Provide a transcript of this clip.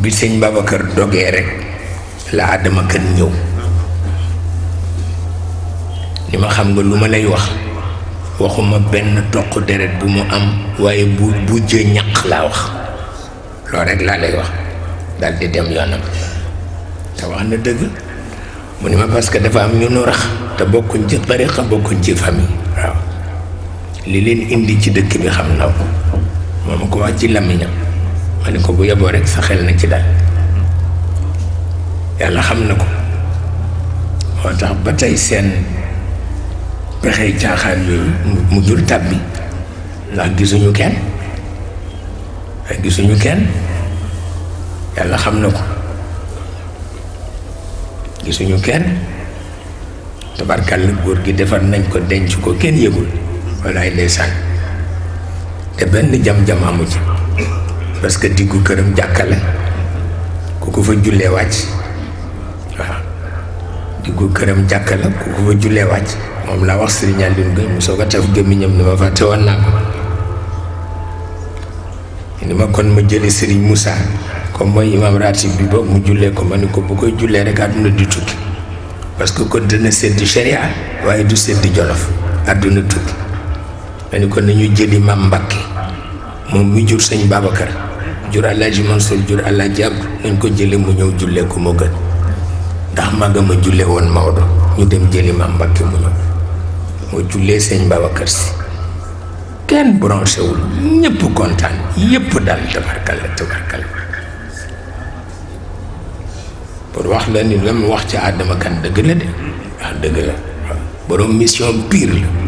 bi sëñ Babacar dogee rek la Adama Kane ñëw li ma xam nga lu ma lay wax waxuma benn toq deret bu mu am waaye bu bu jë ñaq laa wax loolu rek laa lay wax dal di dem yoonam te wax na dëgg mu ni ma parce que dafa am ñu nu te bokkuñ ci tariqa bokkuñ ci famille waaw li leen indi ci dëkk bi xam na ko moom ko wax ci làmmiñam ma ne ko bu yeboo rek sa xel na ci daal yàlla xam na ko moo tax ba tey seen pexe caaxaan yooyu mu jur tàbbi ndax gisuñu kenn ndax gisuñu kenn yàlla xam na ko gisuñu kenn tabarkàll góor gi defar nañ ko denc ko kenn yëgul walaay ndeysaan te benn jam-jam ci parce que diggu këram jàkka la ku ko fa jullee wàcc waaw diggu këram jàkka la ku ko fa jullee wàcc moom laa wax Serigne Alioune Gueye mu soog a taf gémmiñam ni ma fàtte woon naa ko ni ma kon ma jële Serigne Moussa comme mooy imam ratib bi ba mu jullee ko ma ni ko bu koy jullee rek àdduna di tukki parce que kon dina seddi sharia waaye du seddi jolof àdduna tukki ma ni ko nañu jëli mam Mbàkke moom mi jur sëñ Babacar jur Alaaji Mansour jur Alaaji Abdu nañ ko jële mu ñëw jullee ko moo gën ndax ma jule woon Maodo ñu dem jëli Maam Mbàkke mu ñëw moo jullee sëñ Babacar kenn branché wul ñëpp kontaan yëpp daal tabarkal la tabarkal pour wax la ni la mu wax ci Adama Kan dëgg la de dëgg la borom mission pire la